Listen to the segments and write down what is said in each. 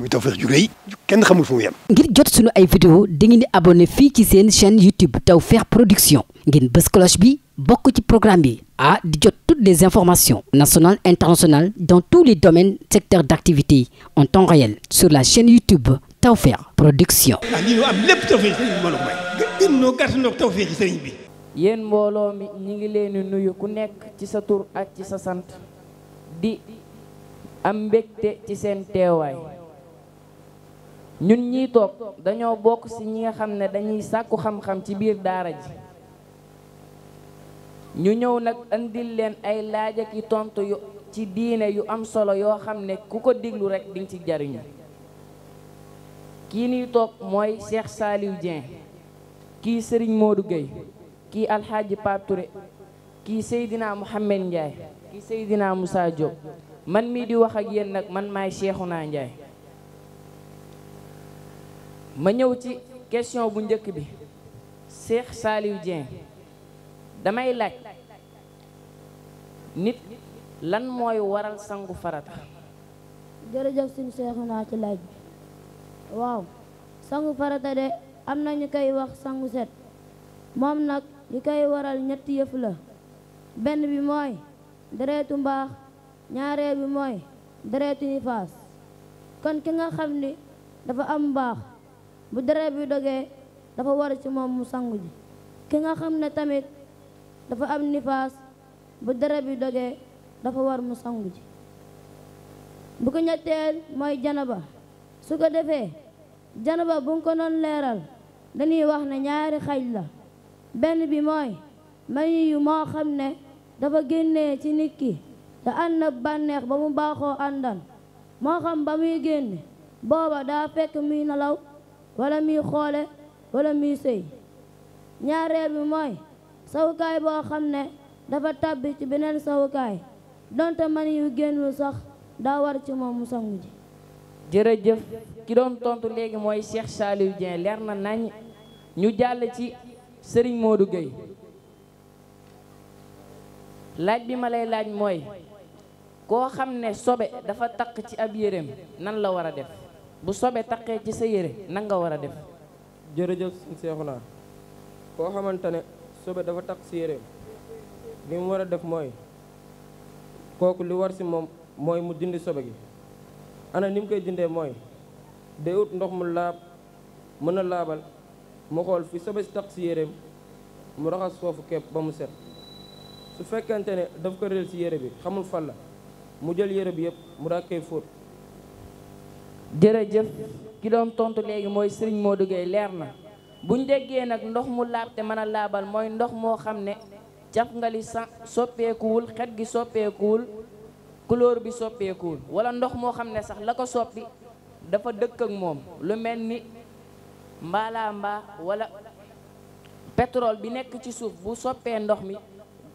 muy ngir jot sunu ay vidéo dangeen di abonné fii ci seen chaîne YouTube Tawfekh Production ngeen bës cloche bi bokk ci programme bi ah di jot toutes les informations nationales internationales dans tous les domaines secteurs d'activité en temps réel sur la chaîne YouTube Tawfekh Production. ah lii am lépp Tawfekh sëriñ bi may. gën noo gàtt noo Tawfekh sëriñ bi. yéen mbooloo mi ñi ngi leen di nuyu ku nekk ci sa tur ak ci sa sant di am mbégte ci seen teewaay. ñun ñii toog dañoo bokk ci ñi nga xam ne dañuy sàkku xam-xam ci biir daara ji ñu ñëw nag andil ay laaj ak tontu yu ci diine yu am solo yoo xam ne ku ko diglu rek diñ ci jariñu kii nii toog mooy seex Saliou Dieng kii sëriñ Modou Gueye kii Alxaaji Pape kii Seydina Mouhamed Ndiaye kii Seydina Moussa Diop man mii di wax ak yéen nag man maay naa Ndiaye ma ñëw ci question bu njëkk bi Cheikh Saliou Dieng damay laaj nit lan mooy waral sangu farata jërëjëf suñu seexu naa ci laaj bi waaw sangu farata de am na ñu koy wax sangu set moom nag ñu koy waral ñetti yëf la benn bi mooy deretu mbaax ñaareel bi mooy deretu nifaas kon ki nga xam ni dafa am mbaax bu deret bi dogee dafa war ci moom mu sangu ji ki nga xam ne tamit dafa am nifaas bu deret yi dogee dafa war mu sangu bu ko ñetteel mooy janaba su ko defee janaba bu nga ko noon leeral dañuy wax ne ñaari xaj la benn bi mooy mayu moo xam ne dafa génnee ci nit ki te ànd na bànneex ba mu baaxoo àndal moo xam ba muy génne booba daa fekk muy nelaw wala muy xoole wala muy sëy ñaareel bi mooy sawukaay boo xam ne dafa tàbbi ci beneen sawukaay donte man yu génnul sax daa war ci moom mu sangu ji jërëjëf ki doon tontu léegi mooy Cheikh Saliou Dieng leer na nañ ñu jàll ci Serigne Modou Gueye laaj bi ma lay laaj mooy koo xam ne sobe dafa takk ci ab yéreem nan la war a def bu sobee taqee ci sa yére nan nga war a def jërëjëf suñ naa koo xamante ne sobe dafa taq si yére li mu war a def mooy kooku li war si moom mooy mu dindi sobe gi ana ni mu koy dindee mooy day ut ndox mu laab mën a laabal mu xool fi sobe si taq si yéreem mu raxas foofu kepp ba mu set su fekkente ne daf ko réel si yére bi xamul fan la mu jël yére bi yëpp mu daa koy fóot jërëjëf ki doon tontu léegi mooy sëriñ moo Gueye leer na buñ déggee nag ndox mu laab te mën a laabal mooy ndox moo xam ne caf nga soppeekuwul xet gi soppeekuwul couleur bi soppeekuwul wala ndox moo xam ne sax la ko soppi dafa dëkk ak moom lu mel ni mbaalaa mbaa wala pétrole bi nekk ci suuf bu soppee ndox mi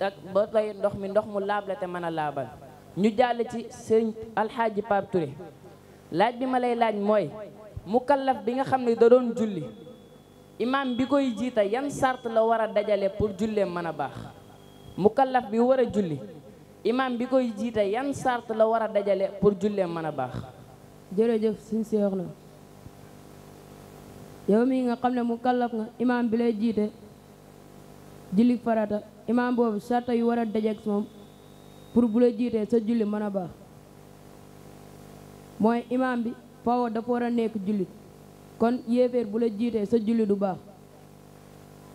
ak ba tey ndox mi ndox mu laab la te mën a laabal ñu jàll ci sëriñ alxaaji Pape laaj bi ma lay laaj mooy mukallaf bi nga xam ne da doon julli imaam bi koy jiita yan sart la war a dajale pour julleem mën a baax mukallaf bi war a julli imaam bi koy jiite yan sart la war a dajale pour julleem mën a baax jërëjëf suñ seex na yow mii nga xam ne mukallaf nga imaam bi lay jiite julli farata imaam boobu sarta yu war a dajeek moom pour bu la jiitee sa julli mën a baax mooy imaam bi faw dafa war a nekk jullit kon yéeféer bu la jiitee sa julli du baax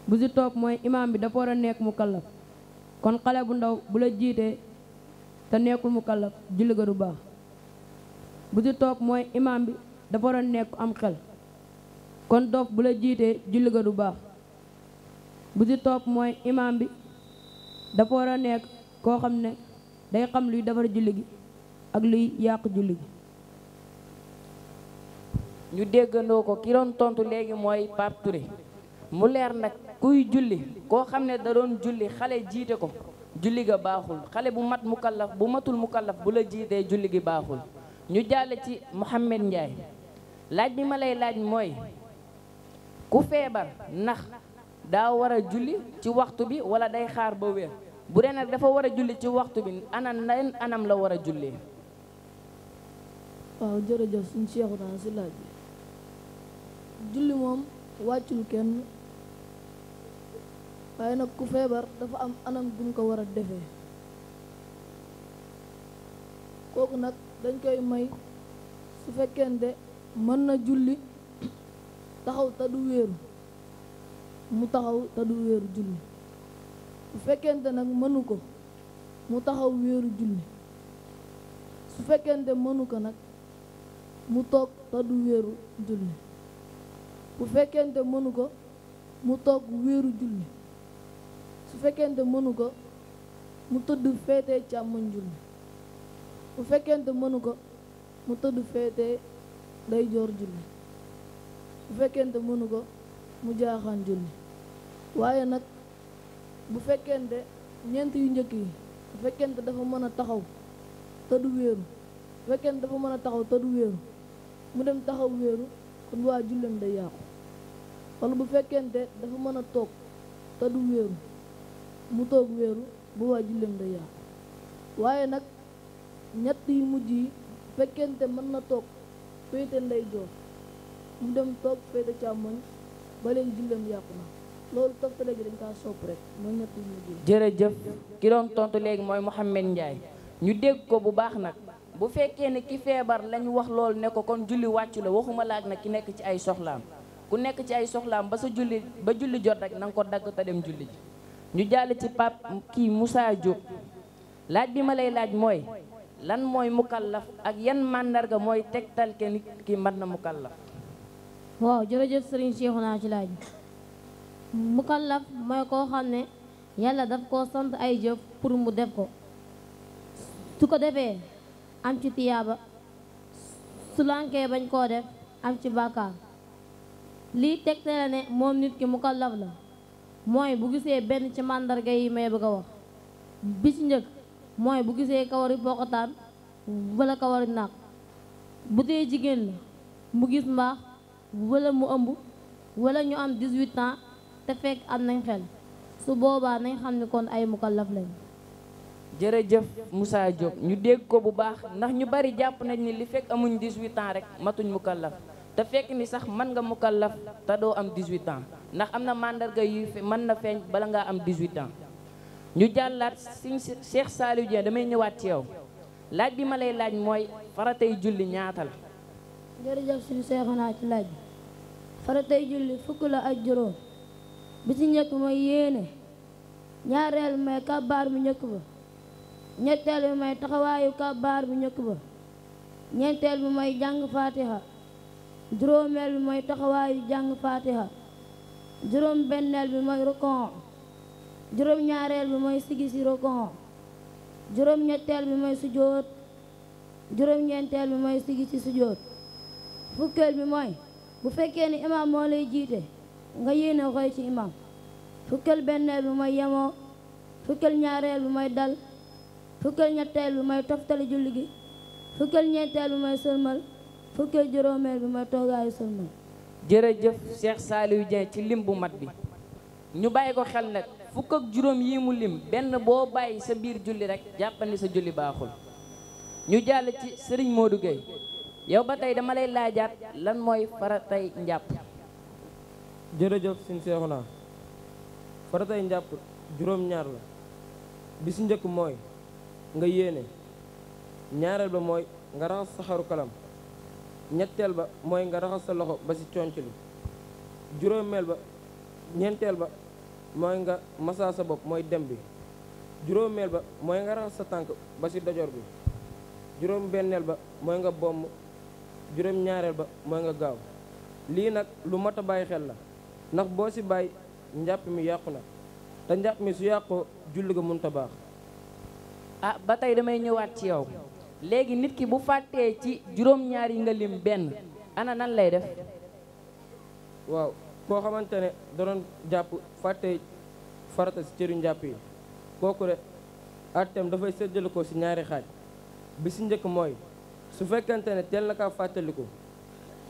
bu si topp mooy imaam bi dafa war a nekk mu kallaf kon xale bu ndaw bu la te nekkul mu kallaf baax bu si topp mooy imaam bi dafa a nekk am xel kon dof bu la jiitee baax bu si topp mooy imaam bi dafa war a nekk koo xam ne day xam luy defar julli gi ak luy yàq julli gi ñu déggandoo ko ki doon tontu léegi mooy Pape Touré mu leer nag kuy julli koo xam ne da doon julli xale jiite ko julli ga baaxul xale bu mat mukallaf bu matul mukallaf bu la jiitee julli gi baaxul ñu jàll ci Mouhamed Ndiaye laaj bi ma lay laaj mooy ku feebar ndax daa war a julli ci waxtu bi wala day xaar ba wér bu dee nag dafa war a julli ci waxtu bi ana nan anam la war a jullee waaw jërëjëf julli moom wàccul kenn waaye nag ku feebar dafa am anam guñ ko war a defee kooku nag dañ koy may su fekkente mën na julli taxaw te du wéeru mu taxaw te du wéeru julli bu fekkente nag mënu ko mu taxaw weeru julli su fekkente mënu ko nag mu toog te weeru julli bu fekkente mënu ko mu toog wéeru julli su fekkente mënu ko mu tëdd féetee càmmoñ julli bu fekkente mënu ko mu tëdd féetee day joor julli bu fekkente mënu ko mu jaaxaan julli waaye nag bu fekkente ñeent yu njëkk yi bu fekkente dafa mën a taxaw tëdd wéeru bu fekkente dafa mën a taxaw tëdd wéeru mu dem taxaw wéeru kon waa julleem day yàqu wala bu fekkente dafa mën a toog te du wéeru mu toog wéeru bu waa julleem day yàqu waaye nag ñett yu mujj yi fekkente mën na toog féete nday joor mu dem toog féete càmmoñ ba léegi julleem yàqu na loolu toftale gi dañ kaa sopp rek mooy ñett yu mujj yi jërëjëf ki doon tontu léegi mooy Mouhamed Ndiaye ñu dégg ko bu baax nag bu fekkee ne ki feebar lañu wax loolu ne ko kon julli wàccu la waxuma laaj na ki nekk ci ay soxlaan ku nekk ci ay soxlaam ba sa julli ba julli jot ak na nga ko dagg te dem julli ji ñu jàll ci pap kii Moussa Diop laaj bi ma lay laaj mooy lan mooy mukallaf ak yan màndarga mooy teg ke nit ki mën na mukallaf waaw jërëjëf sëriñ Cheikhouna ci laaj mukallaf mooy koo xam ne yàlla daf koo sant ay jëf pour mu def ko su ko defee am ci tiyaaba su lankee bañ koo def am ci bàkkaar lii tegte la ne moom nit ki mukallaf la mooy bu gisee benn ci màndarga yi may bëgg a wax bi ci njëkk mooy bu gisee kawari poqotaan wala kawari naq bu dee jigéen la mu gis mbaax wala mu ëmb walla ñu am 18 ans te fekk am nañ xel su boobaa nañ xam ni kon ay mukallaf lañ jërëjëf Moussa Diop ñu dégg ko bu baax ndax ñu bari jàpp nañ ni li fekk amuñ 18 ans rek matuñ mukallaf te fekk ni sax mën nga mukallaf te doo am 18 ans ndax am na màndarga yu man na feeñ bala ngaa am 18 ans ñu jàllaat siñ Cheikh Saliou Dieng damay ñëwaat ci yow laaj bi ma lay laaj mooy faratay julli ñaata la jërëjëf suñu naa ci laaj bi faratay julli fukk la ak juróom bi ci njëkk mooy yéene ñaareel bi mooy kabaar bu njëkk ba ñetteel bi mooy taxawaayu kabaar bu ñëkk ba ñeenteel bi mooy jàng faatiha juróomeel bi mooy taxawaayu jàng faatiha juróom benneel bi mooy rokon juróom ñaareel bi mooy sigi si rokon juróom ñetteel bi mooy sujoot juróom ñeenteel bi mooy sigi si sujoot fukkeel bi mooy bu fekkee ni imaam moo jiite nga yéene xoy ci imaam fukkeel benneel bi mooy yemoo fukkeel ñaareel bi mooy dal fukkeel ñetteel bi mooy toftali julli gi fukkeel ñeenteel bi mooy sëlmal fukkee juróomeel bi ma toogaayu sëlmal jërëjëf Cheikh Saliou Dieng ci lim bu mat bi ñu bàyyi ko xel nag fukk juróom yi mu lim benn boo bàyyi sa biir julli rek jàppandi sa julli baaxul ñu jàll ci Serigne Modou Gueye yow ba tey dama lay laajaat lan mooy faratay njàpp jërëjëf suñ seexu naa faratay njàpp juróom-ñaar la bi si njëkk mooy nga yéene ñaareel ba mooy nga raxas sa kalam ñetteel ba mooy nga raxas sa loxo ba ci conc li juróomeel ba ñeenteel ba mooy nga masaa sa bopp mooy dem bi juróomeel ba mooy nga raxas sa tànk ba ci dojor bi juróom benneel ba mooy nga bomb juróom ñaareel ba mooy nga gaaw lii nag lu mat a bàyyi xel la ndax boo ci bàyyi njàpp mi yàqu na te njàpp mi su yàqoo julli ga mënut a baax ah ba tey damay ñëwaat ci yow léegi nit ki bu fàttee ci juróom-ñaar yi nga lim benn ana nan lay def waaw koo xamante ne da doon jàpp fàtte farata si cëriñ jàpp yi kooku de attem dafay séddale ko si ñaari xaaj bi si njëkk mooy su fekkente ne teel na kaa fàttaliku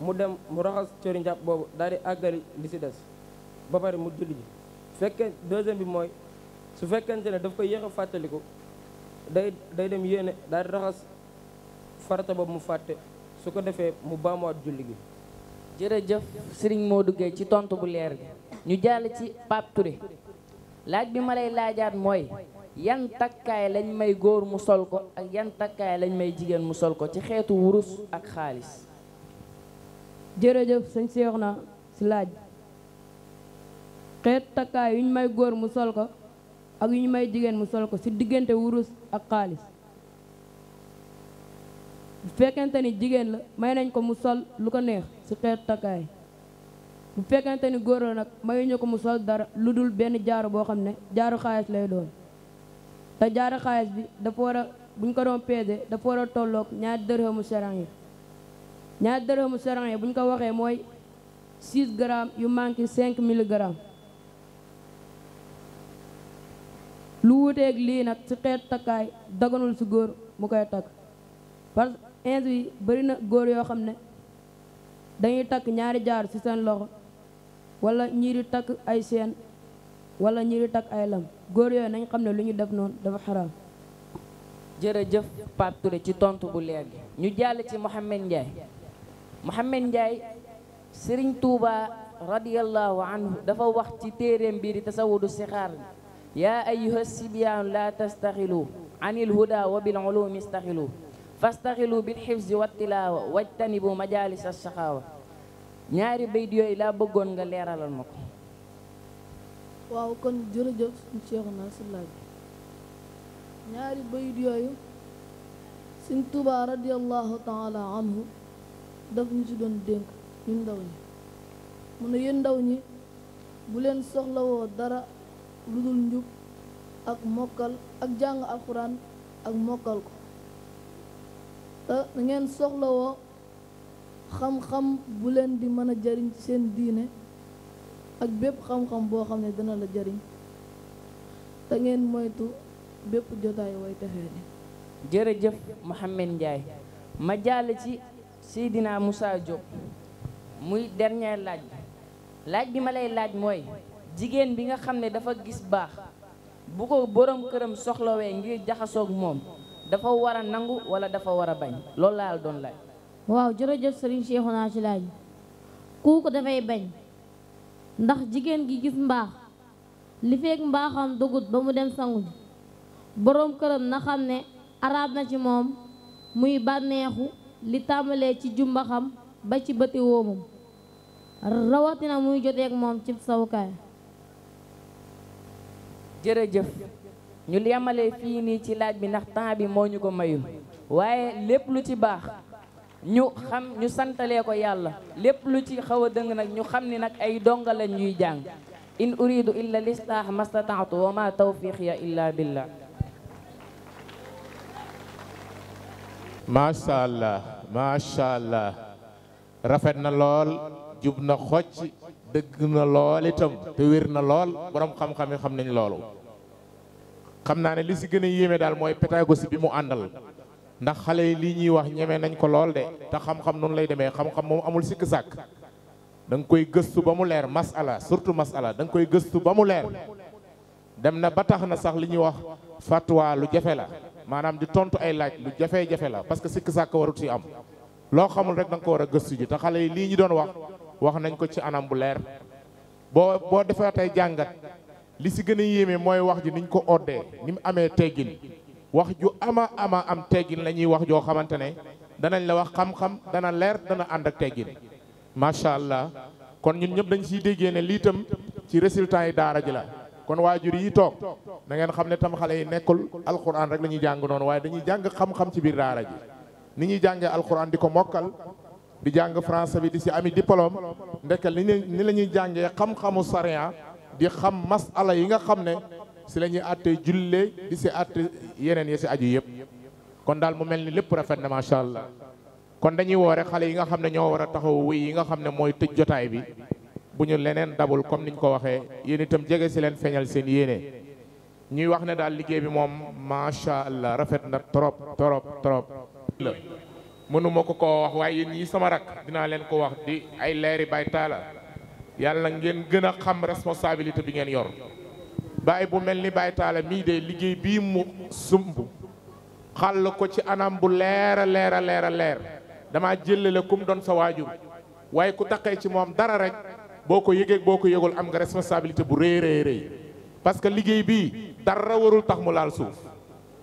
mu dem mu raxas cëriñ jàpp boobu daal di àggali li si des ba pare mu julli ji fekkee deuxième bi mooy su fekkente ne daf ko yéex a fàttaliku day day dem yéene daal di raxas farata boobu mu fàtte su ko defee mu baamuwaat julli gi. jërëjëf Serigne moo duggee ci tontu bu leer bi ñu jàll ci Pape laaj bi ma lay laajaat mooy yan takkaay lañ may góor mu sol ko ak yan takkaay lañ may jigéen mu sol ko ci xeetu wurus ak xaalis. jërëjëf sëñ Seexna si laaj xeet takkaay yu ñu may góor mu sol ko ak yu ñu may jigéen mu sol ko si diggante wurus ak xaalis. bu fekkente ni jigéen la may nañ ko mu sol lu ko neex ci xeet takkaay bu fekkente ni góor la nag mayuñu ko mu sol dara lu dul benn jaaru boo xam ne jaaru xaalis lay doon te jaaru xaalis bi dafa war a buñ ko doon peese dafa war a tolloog ñaar dërëmu seran yi ñaari dërëmu seran yi buñ ko waxee mooy 6 grammes yu manqué 5 milligrammes lu wuteeg lii nag ci xeet takkaay daganul ci góor mu koy takk inde yi bëri na góor yoo xam ne dañuy takk ñaari jaar ci seen loxo wala ñii takk ay seen walla ñii takk ay lam góor yoo nañ xam ne lu ñu def noon dafa xaraam jërëjëf Pape Touré ci tontu bu leer gi ñu jàll ci Mouhamed Ndiaye Mouhamed njaay Serigne Touba radiyallahu anhu dafa wax ci téeréem bii di tasawudu sixaar bi yaa ayyuha sibyaan la tastaxilu anil huda wa bil ulumi fastaxilu bil xifzi wa tilaawa wajtanibu majalis assaxaawa ñaari bayt yooyu laa bëggoon nga leeralal ma ko waaw kon jërëjëf suñu seexu naa si laaj ñaari bayt yooyu suñ Tuubaa radiallahu anhu daf ñu si doon dénk ñu ndaw ñi mu ne yéen ndaw ñi bu soxlawoo dara ludul dul njub ak mokkal ak jàng alxuraan ak mokkal ko te na soxlawoo xam-xam bu leen di mën a jariñ ci seen diine ak bépp xam-xam boo xam ne dana la jariñ te ngeen moytu bépp jotaay way texee ni jërëjëf Mouhamed njaay ma jàll ci Seydina Moussa Diop muy dernier laaj laaj bi ma lay laaj mooy jigéen bi nga xam ne dafa gis baax bu ko boroom këram soxlawee ngir jaxasoog moom dafa war a nangu wala dafa war a bañ loolu laa doon laaj. waaw jërëjëf Serigne Cheikhouna ci laaj kooku dafay bañ ndax jigéen gi gis mbaax li feek mbaaxam dugut ba mu dem sangu ji boroom këram na xam ne araab na ci moom muy bànneexu li tàmbalee ci jumbaxam ba ci bëti woomam rawatina muy joteeg moom ci sawukaay jërëjëf ñu yemale fii nii ci laaj bi ndax temps bi moo ñu ko mayul waaye lépp lu ci baax ñu xam ñu santalee ko yàlla lépp lu ci xaw a dëng nag ñu xam ni nag ay donga lañ ñuy jàng in uridu illa lislaax mastataatu wa ma tawfiqiya illa billah macha allah macha allah rafet na lool jub na xocc dëgg na lool itam te wér na lool boroom xam-xam yi xam nañ loolu xam naa ne li si gën a yéeme daal mooy si bi mu àndal ndax xale yi lii ñuy wax ñeme nañ ko lool de te xam-xam noonu lay demee xam-xam moom amul sikk sàkk da nga koy gëstu ba mu leer masala surtout mas da danga koy gëstu ba mu leer dem na ba tax na sax li ñuy wax fatwa lu jafe la maanaam di tontu ay laaj lu jafe-jafe la parce que sikk sàkk warut si am loo xamul rek danga ko war a gëstu ji te xale yi lii ñu doon wax wax nañ ko ci anam bu leer boo boo defee tey jàngat li si gën a yéeme mooy wax ji niñ ko oddee ni mu amee teggin wax ju ama ama am teggin la ñuy wax joo xamante ne danañ la wax xam-xam dana leer dana ànd ak teggin macha allah kon ñun ñëpp dañu siy déggee liitam ci résultat yi daara ji la kon waajur yi toog na ngeen xam ne tam xale yi nekkul alquran rek la ñuy jàng noonu waaye dañuy jàng xam-xam ci biir daara ji ni ñuy jàngee alquran di ko mokkal di jàng français bi di si ami diplôme ndekkal li ni la ñuy jàngee xam-xamu di xam masala yi nga xam ne si la ñuy àttee julle di si àtte yeneen yi si aju yëpp kon daal mu mel ni lépp rafet na macha kon dañuy woore xale yi nga xam ne ñoo war a taxaw wuy yi nga xam ne mooy tëj jotaay bi bu ñu leneen dabul comme niñ ko waxee yéen tam jege si leen feeñal seen yéene ñuy wax ne daal liggéey bi moom macha allah rafet na trop trop trop mënuma ko ko wax waaye yéen ñi sama leen ko wax di ay leeri bay taala yàlla ngeen gën a xam responsabilité bi ngeen yor bàyyi bu mel ni bàyyi taale mii de liggéey bii mu sumb xàll ko ci anam bu leer a leer a leer a leer damaa jëlale kum doon sa waajur waaye ku taqee ci moom dara rek boo ko yëgee boo ko yëgul am nga responsabilité bu rëy rëy rëy parce que liggéey bii dara warul tax mu laal suuf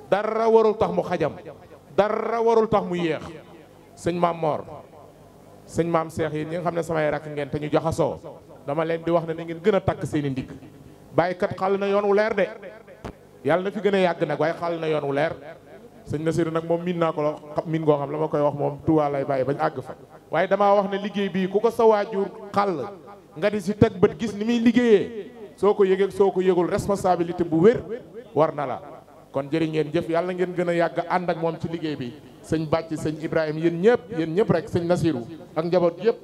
dara warul tax mu xajam dara warul tax mu yéex sëñ maam Mor sëñ maam Seex yi ñi nga xam ne samay rakk ngeen te ñu jaxasoo dama leen di wax ne na ngeen gën a takk seen i ndigg bàyyi kat xàll na yoon wu leer de yàlla na fi gën a yàgg nag waaye xall na yoon wu leer sëñ Nasiru nag moom miin naa ko la miin goo xam la ma koy wax moom tuwaa lay bàyyi bañ àgg fa waaye damaa wax ne liggéey bii ku ko sa waajur xàll nga di si teg bët gis ni muy liggéeyee soo ko yëgee soo ko yëgul responsabilité bu wér war na la kon jëri ngeen jëf yàlla ngeen gën a yàgg ànd ak moom ci liggéey bi sëñ bàcc sëñ Ibrahima yéen ñëpp yéen ñëpp rek sëñ Nasiru ak njaboot yëpp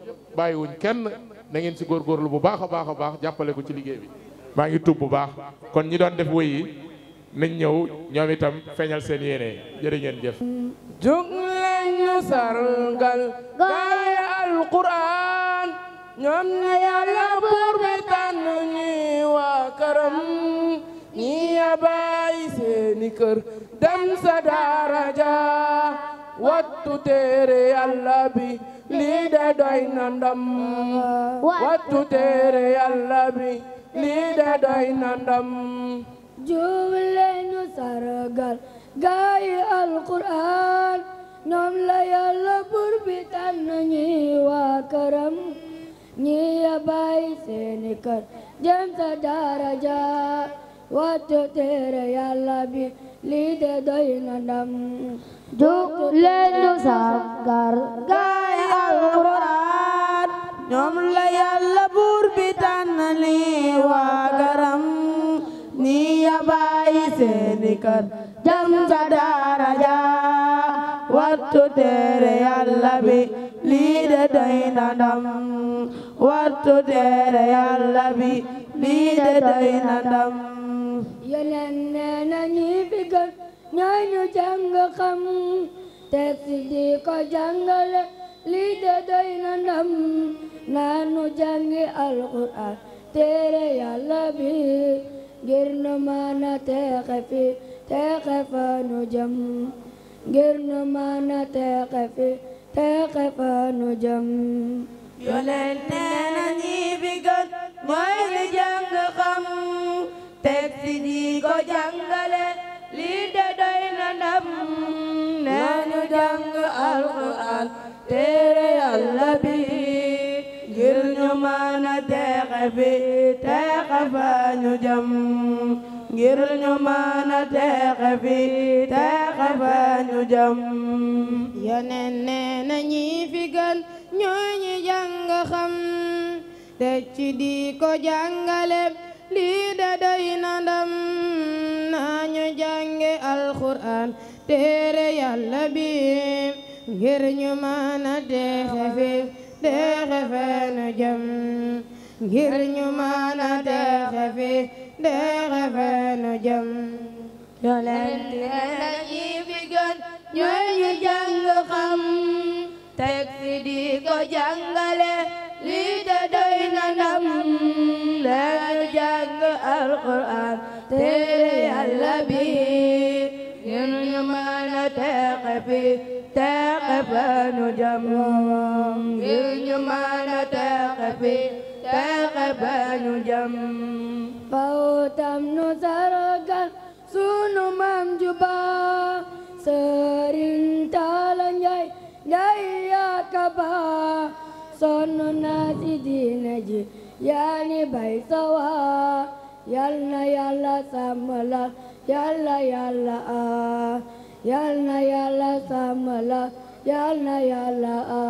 na si si góorgóorlu bu baax a baax a baax jàppale ko ci liggéey bi maa ngi tub bu baax kon ñi doon def wéy yi nañ ñëw ñoom itam feeñal seen yéene jërë ngeen jëf jug lañu sargal gaay alquran ñoom na yàlla buur bi tànn ñi waa këram ñi yabaay seeni kër dem sa daraja wattu téere bi lii de doy na ndam wattu téere yàlla bi lii de doy na ndam juub leenu sargal gaay alquraan ñoom la yàlla bur bi tànn ñi waa këram ñi ya seeni kër jëm sa wattu téere yàlla bi lii de doy na ndam jóg leen ñu sagar gaay alxuraan ñoom la yàlla buur bi tànnali waa garam ni ya seeni kër jam sa daara wattu tere yàlla bi lii de doy ndam wattu teere yàlla bi lii de doy ndam yonen nee na ñi fi gën ñooy ñu jàng xam teg lii de doy ndam naa nu jàngi alxuraan teere yàlla bi ngir nu maana teexe fi teexe fa nu jëm ngir nu maana teexe fi teexe fa nu jëm yonent nee na mooy li jàng xam teg ci ji lii de doy na ndam nee nu jàng alxuraan téere yàlla bi ngir ñu mën a teexe fi teexe ngir ñu mën a texe fi texe fa ñu jëm yoneen nee na ñi fi xam te ci di ko jàngale lii de doy ndam naa ñu alxuraan téere yàlla bi ngir ñu mën a texe fi texe fa ngir ñu mën a texe deexe feenu jëm yonent neena ñi fi gën ñooy ñu jàng xam teg fi di ko jàngale lii te doy na ndam nañu jàng alquran téere yàlla bi ngir ñu mën a teexe fi teexe feenu jëm ngir ñu mën a teexe fi teexe feenu jëm ji yaani bay sawa yàlla yàlla sàmm la yàlla yàlla a yàlla yàlla sàmm la yàlla yàlla a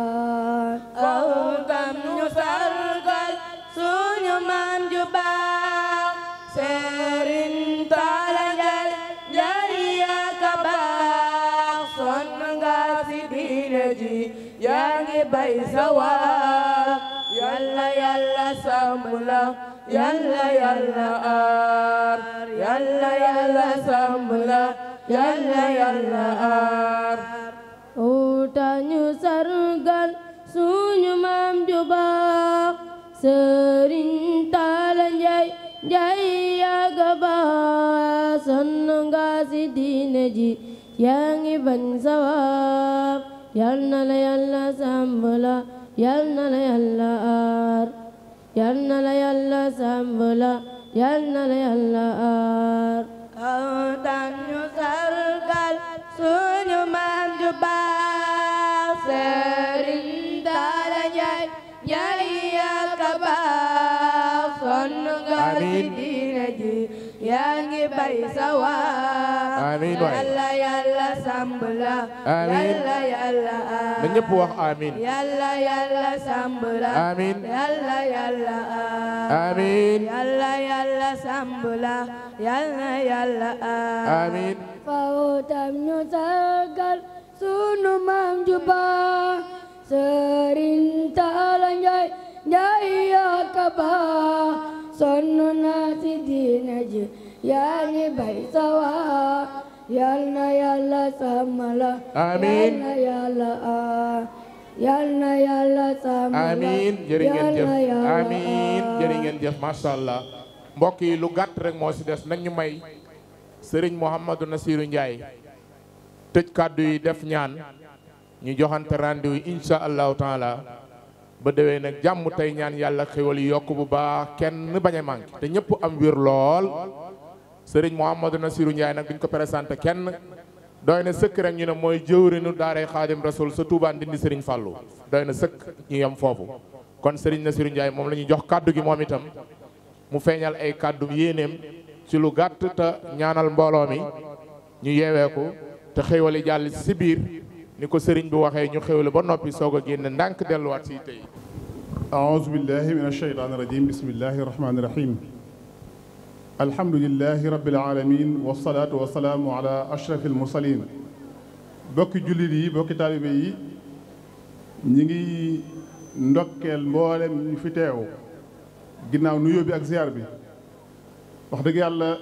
aw tam ñu sargal suñu maam ju baax Sëriñ Taala Njaay jariya ka baax sonn nga si diine ji yaa ngi bay sawa sambula yalla yalla aar yalla yalla sambula yalla yalla aar utañu sargal suñu maam ju sëriñ Taala Njaay njaay yaaga baax sonn nga si diine ji yaa ngi bañ sawaab yal la yalla sambula yal la yalla aar yal na la yàlla sambala yal na la yàlla aar kontaan ñu sargal suñu maam ju baax Sëriñ Daara Njaay Njaay yal baax sonn nga ci ji yaa ngi ah, bay sawar. amiin waay yàlla sambala. amiin yàlla yàlla aar. Ah. amiin. yàlla yàlla sambala. amiin yàlla yàlla ah. sambala. amiin. faaw tam ñu sargal sunu maam juba Sëriñ Talla Njaay Njaay sonn naa si diina ji yaa ni bay sawaa yal na yàlla sàmmala amiin amiin jërë jëf amiin jërë jëf macha allah mbokk yi lu gàtt rek moo si des nañu may sëriñ Mouhamadou Nassirou Ndiaye tëj kàddu yi def ñaan ñu joxante rendez-vous incha ba déwee nag jàmm tey ñaan yàlla xéwal yi yokk bu baax kenn bañ a te ñëpp am wér lool sëriñ Mouhamadou Nassirou Ndiaye nag duñ ko présenté kenn doy na sëkk rek ñu ne mooy jëwrinu daaray xaadim rasul sa Touba Ndindi sëriñ Fallou doy na sëkk ñu yem foofu kon sëriñ Nassirou Ndiaye moom lañuy jox kàddu gi moom itam mu feeñal ay kàddu yéeneem ci lu gàtt te ñaanal mbooloo mi ñu yeewee ko te xéwali jàll si ni ko sëriñ bi waxee ñu xewle ba noppi soog a génn ndànk delluwaat si tey أعوذ بالله من الشيطان الرجيم بسم الله الرحمن الرحيم الحمد لله رب العالمين والصلاة والسلام على أشرف المرسلين bokki jullit yi bokki taalibe yi ñi ngi ndokkeel mboole ñu fi teew ginnaaw nuyoo bi ak ziar bi wax dëgg yàlla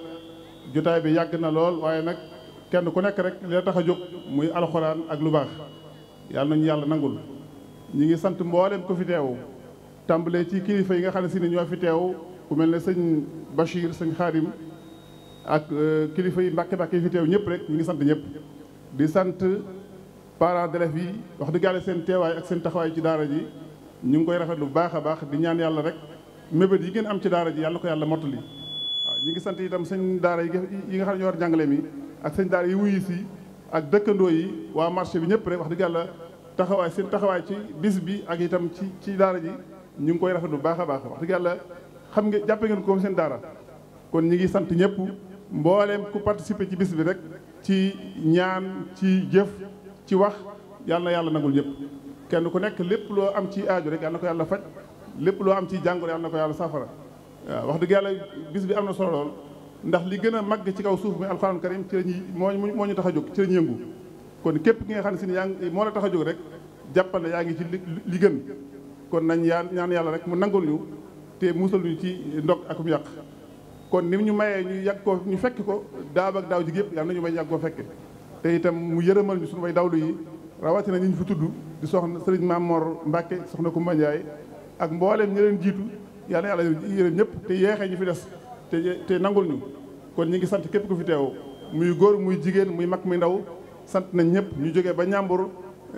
jotaay bi yàgg na lool waaye nag kenn ku nekk rek li la tax a jóg muy alxuraan ak lu baax yàlla nañu yàlla nangul ñi ngi sant mboolem ko fi teew tàmbalee ci kilifa yi nga xam ne si ni ñoo fi teew ku mel ne sëñ Bachir sëñ Xaadim ak euh, kilifa yi mbàkke mbàkke yi fi teew ñëpp rek ñi ngi sant ñëpp di sant parents d'élèves yi wax dëgg yàlla seen teewaay ak seen taxawaay ci daara ji ñu ngi koy rafet lu baax a baax di ñaan yàlla rek mébét yi ngeen am ci daara ji yàlla ko yàlla mottali waaw ñi ngi sant itam sëñ daara yi nga xam ne ñoo jàngale mi ak sëñ daara yi wuyu si ak dëkkandoo yi waa marché bi ñëpp rek wax dëgg yàlla taxawaay seen taxawaay ci bis bi ak itam ci ci daara ji ñu ngi koy rafetlu bu baax a baax wax dëgg yàlla xam nga jàppe ngeen ko seen daara kon ñi ngi sant ñëpp mbooleem ku participer ci bis bi rek ci ñaan ci jëf ci wax yàlla na yàlla nangul ñëpp kenn ku nekk lépp loo am ci aaju rek yàlla na ko yàlla faj lépp loo am ci jàngoro yàlla na ko yàlla saafara wax dëgg yàlla bis bi am na solo ndax li gën a màgg ci kaw suuf muy alxuraan karim ci la ñuy moo moo ñu tax ci la ñuy yëngu kon képp ki nga xam ne si yaa ngi moo la tax a jóg rek jàppal yaa ngi ci li gën kon nañ yaa ñaan yàlla rek mu nangul ñu te musal ñu ci ndog ak mu yàq kon ni mu ñu maye ñu yàgg ko ñu fekk ko daaw ak daaw ji yëpp yàlla na ñu may yàgg koo fekke te itam mu yërëmal ñu suñu way dawlu yi rawatina ñi ñu fi tudd di soxna Serigne Mame Mor Mbacke soxna Koumba Ndiaye ak mboolem ñi leen jiitu yàlla yàlla yërëm ñëpp te yeexee ñu fi des te te nangul ñu kon ñi ngi sant képp ku fi teew muy góor muy jigéen muy mag muy ndaw sant nañ ñëpp ñu jógee ba Njàmbur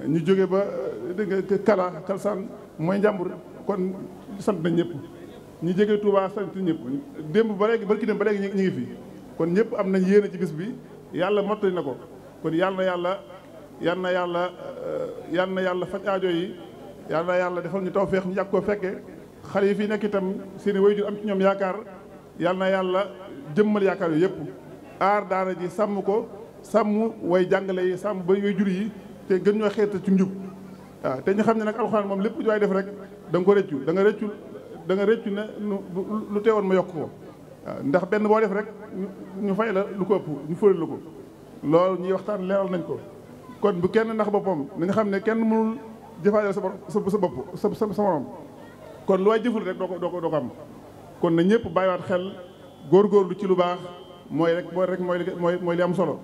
ñu jóge ba eh, Kala Kalsaan mooy Njàmbur kon sant nañ ñëpp ñu jóge Touba sant ñëpp démb ba léegi barki démb ba léegi ñu ngi fi kon ñëpp am nañ yéene ci bis bi yàlla mottali na ko kon yàlla na yàlla yàlla na yàlla eh, yàlla na yàlla faj aajo yi yàlla na yàlla defal ñu tawféex ñu yàgg koo fekke xale yi fi nekk itam seen i am ci ñoom yaakaar yal na yàlla jëmmal yaakaar yooyu yëpp aar daara ji sàmm ko sàmm way jàngale yi sàmm ba way jur yi te gën ñoo xeeta ci njub waaw te ñu xam ne nag alxuraan moom lépp waaye def rek da nga ko rëccu da nga rëccu da nga rëccu ne lu teewoon ma yokk ko waaw ndax benn boo def rek ñu fay la lu ko ëpp ñu fëral la ko loolu ñuy waxtaan leeral nañ ko kon bu kenn ndax boppam ni nga xam ne kenn mënul jëfaajal sa bopp sa bopp sa sa morom kon lu waay jëful rek doo ko doo ko doo ko kon na ñëpp bàyyiwaat xel góor góorgóorlu ci lu baax mooy rek mooy rek mooy mooy li am solo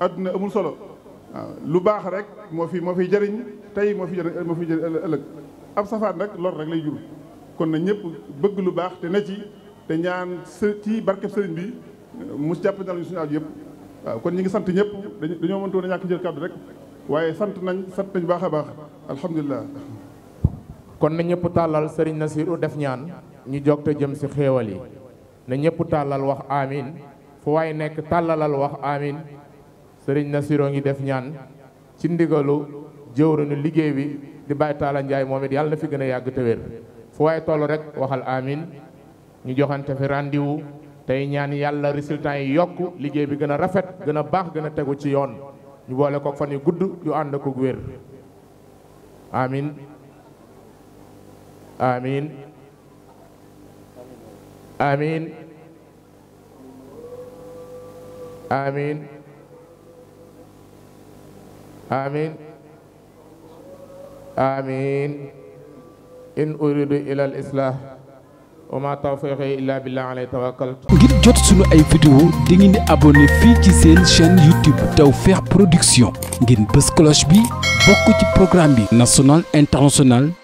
adduna amul solo waaw lu baax rek moo fi moo fiy jariñ tey moo fi jëriñ moo fi jëriñ ëllëg ab safaan rek lor rek lay jur kon na ñëpp bëgg lu baax te ne ci te ñaan ci barkeb sëriñ bi mu jàpp nañu suñu aaju yëpp waaw kon ñi ngi sant ñëpp dañoo mëntu woon a ñàkk jël kàddu rek waaye sant nañ sant nañ baax a baax alhamdulilah kon na ñëpp tàllal sëriñ na Nasiru def ñaan ñu jog jëm ci xéewal yi na ñëpp tàllal wax amin fu waay nekk tàllalal wax amin sëriñ na Nasiroo ngi def ñaan ci ndigalu jëwriñu liggéey bi di bàyyi Taala Njaay moom it yàlla na fi gën a yàgg te wér fu waay toll rek waxal amin ñu joxante fi rendez tey ñaan yàlla résultat yi yokk liggéey bi gën a rafet gën baax gën a tegu ci yoon ñu boole ko fan yu gudd yu ànd ak wér amin amin amiin amiin amiin amiin in uridu ila al wa ma tawfiqi illa billah alayhi ngir jot sunu ay vidéo di ngeen di fii ci seen chaîne YouTube Tawfekh Production ngeen bës cloche bi bokk ci programme bi national international